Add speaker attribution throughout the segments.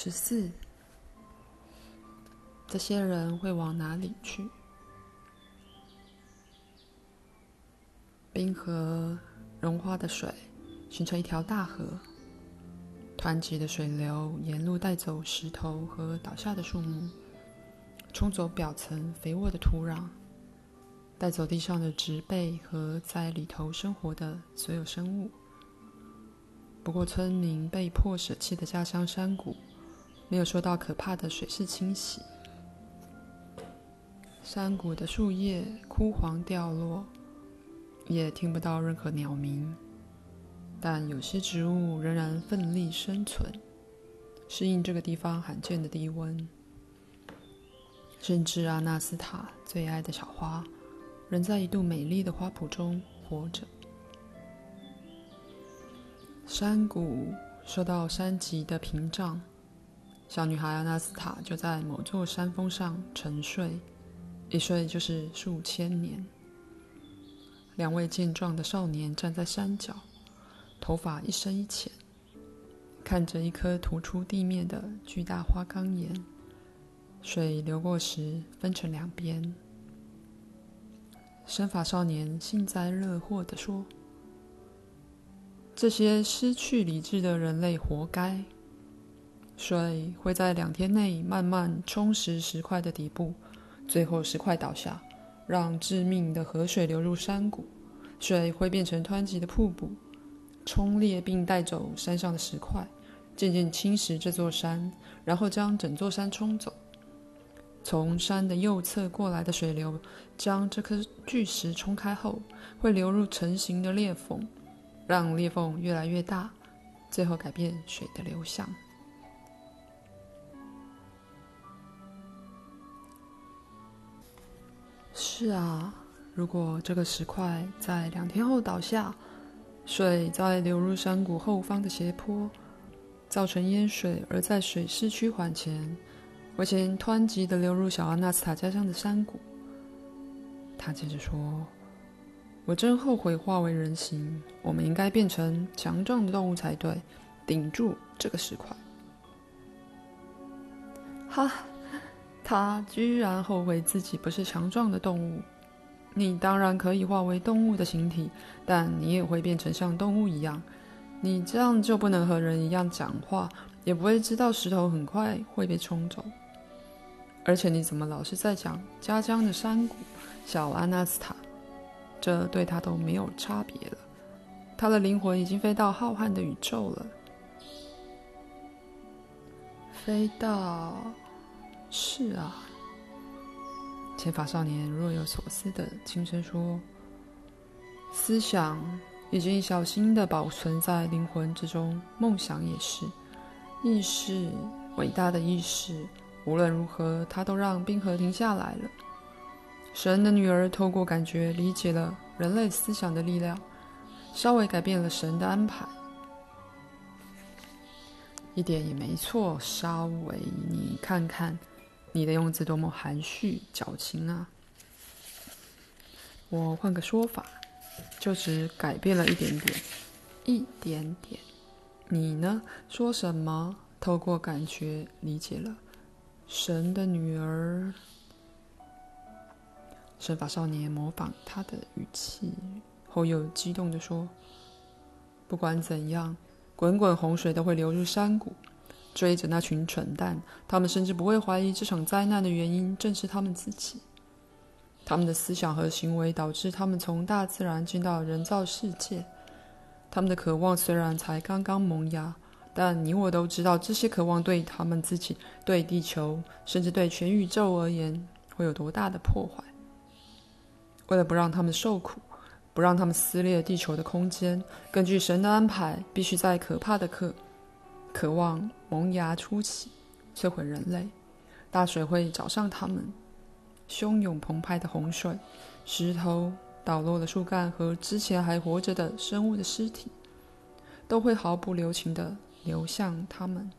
Speaker 1: 十四，這些人會往哪裡去？冰河融化的水形成一條大河，湍急的水流沿路帶走石頭和倒下的樹木，沖走表層肥沃的土壤，帶走地上的植被和在裡頭生活的所有生物。不過，村民被迫捨棄的家鄉山谷。沒有受到可怕的水勢侵襲。山谷的樹葉枯黃掉落，也聽不到任何鳥鳴。但有些植物仍然奮力生存，適應這個地方罕見的低溫。甚至阿納斯塔最愛的小花，仍在一度美麗的花圃中活着。山谷受到山脊的屏障。小女孩阿納斯塔就在某座山峰上沉睡，一睡就是數千年。兩位健壯的少年站在山腳，頭髮一深一淺，看着一顆突出地面的巨大花崗岩，水流過時分成兩邊。身法少年幸災樂禍地說：“這些失去理智的人類，活該。”水會在兩天內慢慢沖蝕石，石塊的底部，最後石塊倒下，讓致命的河水流入山谷。水會變成湍急的瀑布，沖裂並帶走山上的石塊，漸漸侵蝕這座山，然後將整座山沖走。從山的右側過來的水流將這顆巨石沖開後，會流入成型的裂縫，讓裂縫越來越大，最後改變水的流向。是啊，如果這個石塊在兩天後倒下，水在流入山谷後方的斜坡，造成淹水，而在水勢趨緩前，我先湍急地流入小阿納絲塔家鄉的山谷。他接着說：“我真後悔化為人形，我們應該變成強壯的動物才對，頂住這個石塊。”好。他居然後悔自己不是強壯的動物。你當然可以化為動物的形體，但你也會變成像動物一樣。你這樣就不能和人一樣講話，也不會知道石頭很快會被沖走。而且你怎麼老是在講家鄉的山谷，小阿納絲塔？這對他都沒有差別了。他的靈魂已經飛到浩瀚的宇宙了，飛到。是啊，淺髮少年若有所思地輕聲說：“思想已經小心的保存在靈魂之中，夢想也是，意識，偉大的意識。無論如何，它都讓冰河停下來了。神的女兒透過感覺理解了人類思想的力量，稍微改變了神的安排。一點也沒錯，稍微你看看。”你的用詞多麼含蓄矯情啊！我換個說法，就只改變了一點點，一點點。你呢？說什麼？透過感覺理解了神的女兒？神法少年模仿他的語氣，後又激動地說：“不管怎樣，滾滾洪水都會流入山谷。”追着那群蠢蛋，他們甚至不會懷疑這場災難的原因正是他們自己。他們的思想和行為導致他們從大自然進到人造世界。他們的渴望雖然才剛剛萌芽，但你我都知道這些渴望對他們自己、對地球，甚至對全宇宙而言，會有多大的破壞。為了不讓他們受苦，不讓他們撕裂地球的空間，根據神的安排，必須在可怕的刻。渴望萌芽初起，摧毀人類。大水會找上他們，洶湧澎湃的洪水、石頭、倒落的樹幹和之前還活着的生物的屍體，都會毫不留情的流向他們。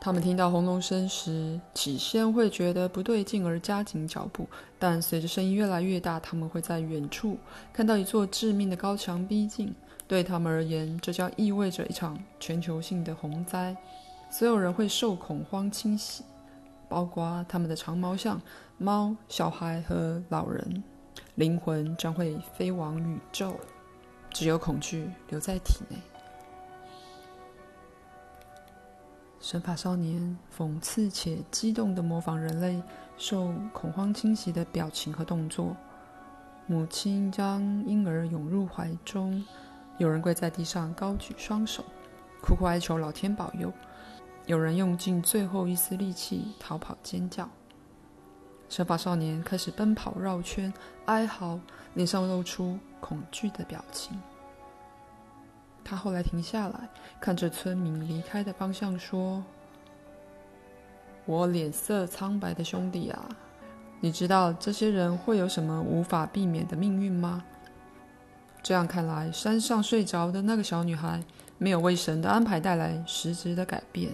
Speaker 1: 他們聽到轟隆聲時，起先會覺得不對勁而加緊腳步，但隨着聲音越來越大，他們會在遠處看到一座致命的高牆逼近。對他們而言，這將意味着一場全球性的洪災，所有人會受恐慌侵襲，包括他們的長毛象、貓、小孩和老人。靈魂將會飛往宇宙，只有恐懼留在體內。神法少年諷刺且激動地模仿人類受恐慌侵襲的表情和動作，母親將嬰兒擁入懷中。有人跪在地上，高舉雙手，苦苦哀求老天保佑；有人用盡最後一絲力氣逃跑、尖叫。神法少年開始奔跑、繞圈、哀嚎，臉上露出恐懼的表情。他後來停下來，看着村民離開的方向，說：“我臉色蒼白的兄弟啊，你知道這些人會有什麼無法避免的命運嗎？”這樣看來，山上睡着的那個小女孩沒有為神的安排帶來實質的改變。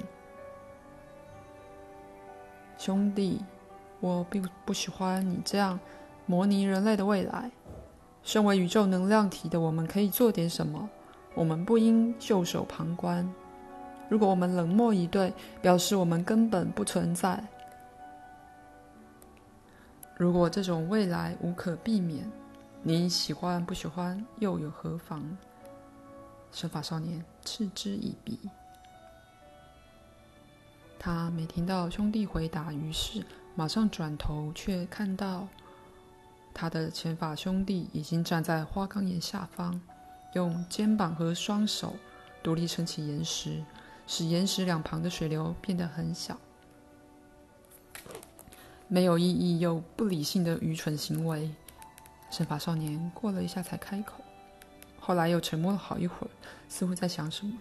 Speaker 1: 兄弟，我並不喜歡你這樣模擬人類的未來。身為宇宙能量體的我們，可以做點什麼？我們不應袖手旁觀。如果我們冷漠以對，表示我們根本不存在。如果這種未來無可避免，你喜歡不喜歡又有何妨？神法少年嗤之以鼻。他沒聽到兄弟回答，於是馬上轉頭，卻看到他的前法兄弟已經站在花崗岩下方，用肩膀和雙手獨立撐起岩石，使岩石兩旁的水流變得很小。沒有意義又不理性的愚蠢行為。沈法少年過了一下才開口，後來又沉默了好一會兒，似乎在想什麼。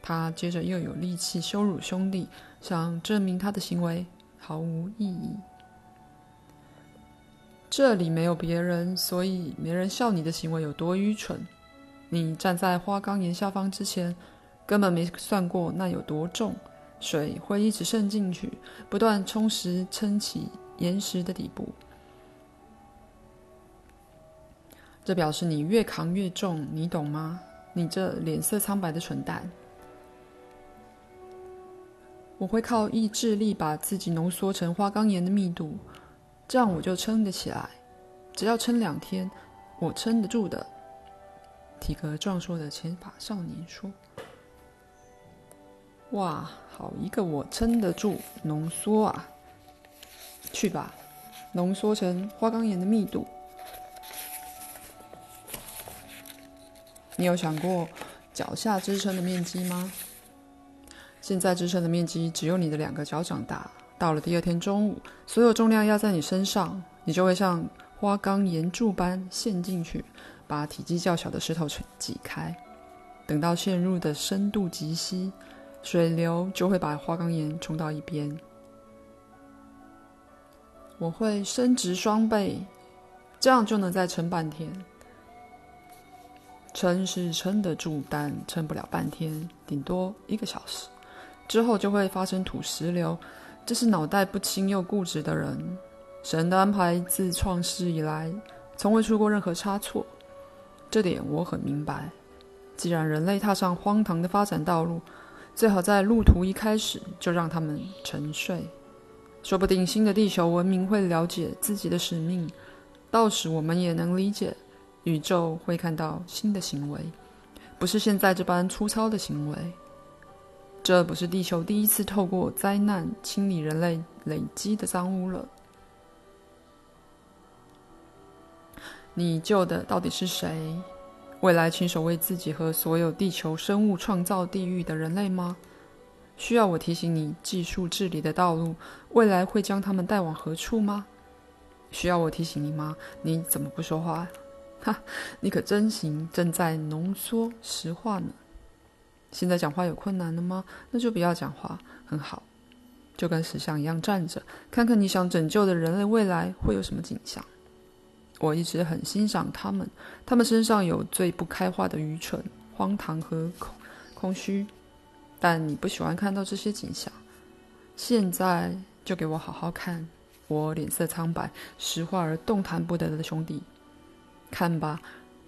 Speaker 1: 他接着又有力氣羞辱兄弟，想證明他的行為毫無意義。這裡沒有別人，所以沒人笑你的行為有多愚蠢。你站在花崗岩下方之前，根本沒算過那有多重，水會一直滲進去，不斷充實撐起巖石的底部。這表示你越扛越重，你懂嗎？你這臉色蒼白的蠢蛋！我會靠意志力把自己濃縮成花崗岩的密度，這樣我就撐得起來。只要撐兩天，我撐得住的。體格壯碩的前法少年說：“哇，好一個我撐得住！濃縮啊，去吧，濃縮成花崗岩的密度。”你有想過腳下支撐的面積嗎？現在支撐的面積只有你的兩個腳掌大。到了第二天中午，所有重量壓在你身上，你就會像花崗岩柱般陷進去，把體積較小的石頭擠開。等到陷入的深度及膝，水流就會把花崗岩沖到一邊。我會伸直雙臂，這樣就能再撐半天。撐是撐得住單，但撐不了半天，頂多一個小時，之後就會發生土石流。這是腦袋不清又固執的人。神的安排自創世以來，從未出過任何差錯，這點我很明白。既然人類踏上荒唐的發展道路，最好在路途一開始就讓他們沉睡。說不定新的地球文明會了解自己的使命，到時我們也能理解。宇宙會看到新的行為，不是現在這般粗糙的行為。這不是地球第一次透過災難清理人類累積的髒污了。你救的到底是誰？未來親手為自己和所有地球生物創造地獄的人類嗎？需要我提醒你，技術治理的道路，未來會將他們帶往何處嗎？需要我提醒你嗎？你怎麼不說話？哈，你可真行，正在濃縮石化呢。現在講話有困難了嗎？那就不要講話，很好，就跟石像一樣站着，看看你想拯救的人類未來會有什麼景象。我一直很欣賞他們，他們身上有最不開化的愚蠢、荒唐和空空虛，但你不喜歡看到這些景象。現在就給我好好看，我臉色蒼白、石化而動彈不得的，的兄弟。看吧，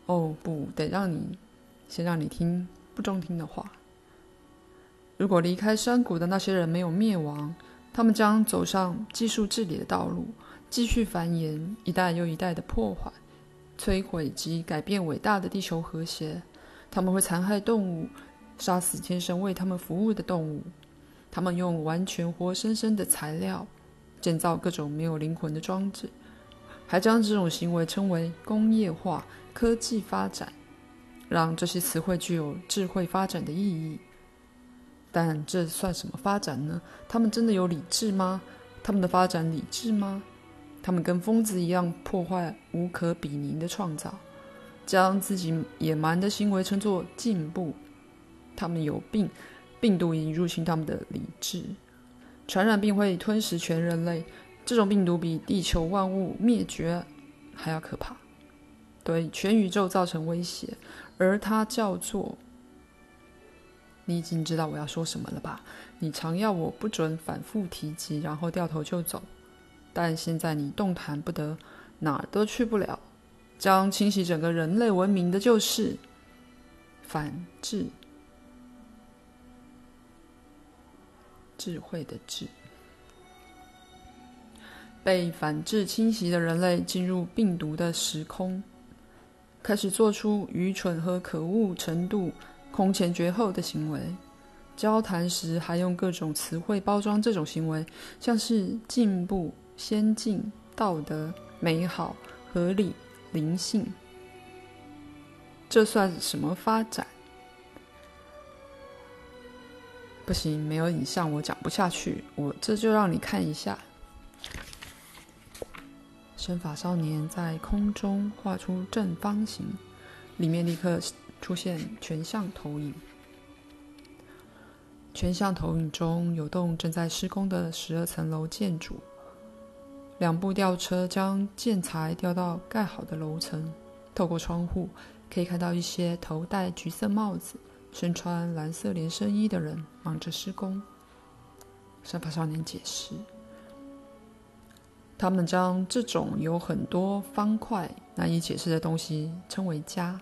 Speaker 1: 哦，不得讓你先讓你聽不中聽的話。如果離開山谷的那些人沒有滅亡，他們將走上技術治理的道路，繼續繁衍一代又一代的破壞、摧毀及改變偉大的地球和諧。他們會殘害動物，殺死天生為他們服務的動物。他們用完全活生生的材料建造各種沒有靈魂的裝置。還將這種行為稱為工業化、科技發展，讓這些詞彙具有智慧發展的意義。但這算什麼發展呢？他們真的有理智嗎？他們的發展理智嗎？他們跟瘋子一樣破壞無可比擬的創造，將自己野蠻的行為稱作進步。他們有病，病毒已入侵他們的理智，傳染病會吞噬全人類。這種病毒比地球萬物滅絕還要可怕，對全宇宙造成威脅，而它叫做……你已經知道我要說什麼了吧？你常要我不准反覆提及，然後掉頭就走，但現在你動彈不得，哪兒都去不了，將清洗整個人類文明的就是反智智慧的智。被反制侵襲的人類進入病毒的時空，開始做出愚蠢和可惡程度空前絕後的行為。交談時還用各種詞彙包裝這種行為，像是進步、先進、道德、美好、合理、靈性。這算什麼發展？不行，沒有影像，我講不下去。我這就讓你看一下。身法少年在空中畫出正方形，裡面立刻出現全像投影。全像投影中有棟正在施工的十二層樓建築，兩部吊車將建材吊到蓋好的樓層。透過窗戶可以看到一些頭戴橘色帽子、身穿藍色連身衣的人忙着施工。身法少年解釋。他們將這種有很多方塊難以解釋的東西稱為“家”。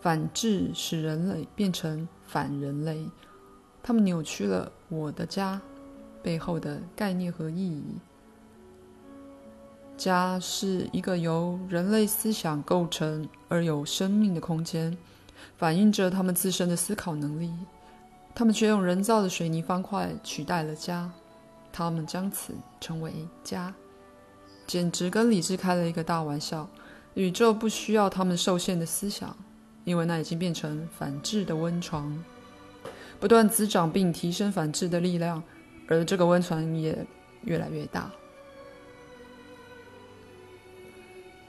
Speaker 1: 反智使人類變成反人類，他們扭曲了我的家背後的概念和意義。家是一個由人類思想構成而有生命的空間，反映着他們自身的思考能力。他們卻用人造的水泥方塊取代了家。他們將此稱為家，簡直跟理智開了一個大玩笑。宇宙不需要他們受限的思想，因為那已經變成反制的溫床，不斷滋長並提升反制的力量，而這個溫床也越來越大。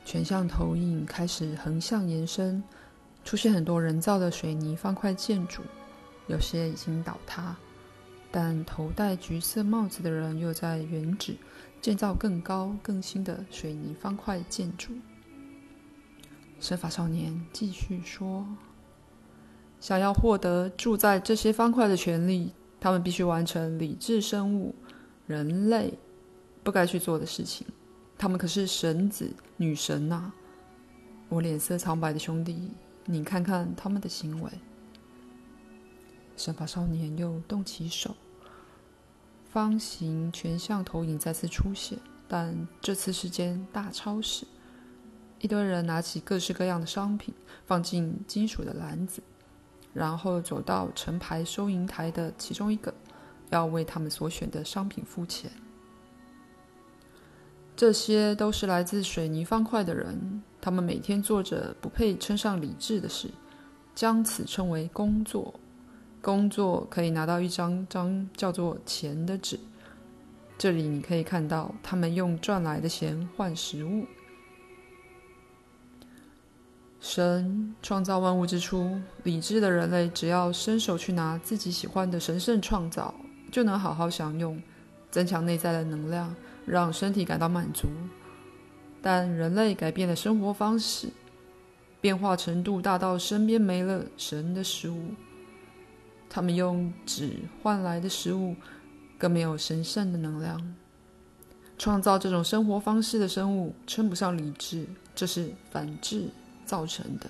Speaker 1: 全像投影開始橫向延伸，出現很多人造的水泥方塊建築，有些已經倒塌。但頭戴橘色帽子的人又在原址建造更高、更新的水泥方塊建築。神法少年繼續說：“想要獲得住在這些方塊的權利，他們必須完成理智生物——人類，不該去做的事情。他們可是神子女神吶、啊！我臉色蒼白的兄弟，你看看他們的行為。”神法少年又動起手，方形全像投影再次出現，但這次是間大超市。一堆人拿起各式各樣的商品，放進金屬的籃子，然後走到成排收銀台的其中一個，要為他們所選的商品付錢。這些都是來自水泥方塊的人，他們每天做着不配稱上理智的事，將此稱為工作。工作，可以拿到一張張叫做“錢”的紙。這裡你可以看到，他們用賺來的錢換食物。神創造萬物之初，理智的人類只要伸手去拿自己喜歡的神聖創造，就能好好享用，增強內在的能量，讓身體感到滿足。但人類改變了生活方式，變化程度大到身邊沒了神的食物。他們用紙換來的食物，更沒有神聖的能量。創造這種生活方式的生物，稱不上理智，這就是反製造成的。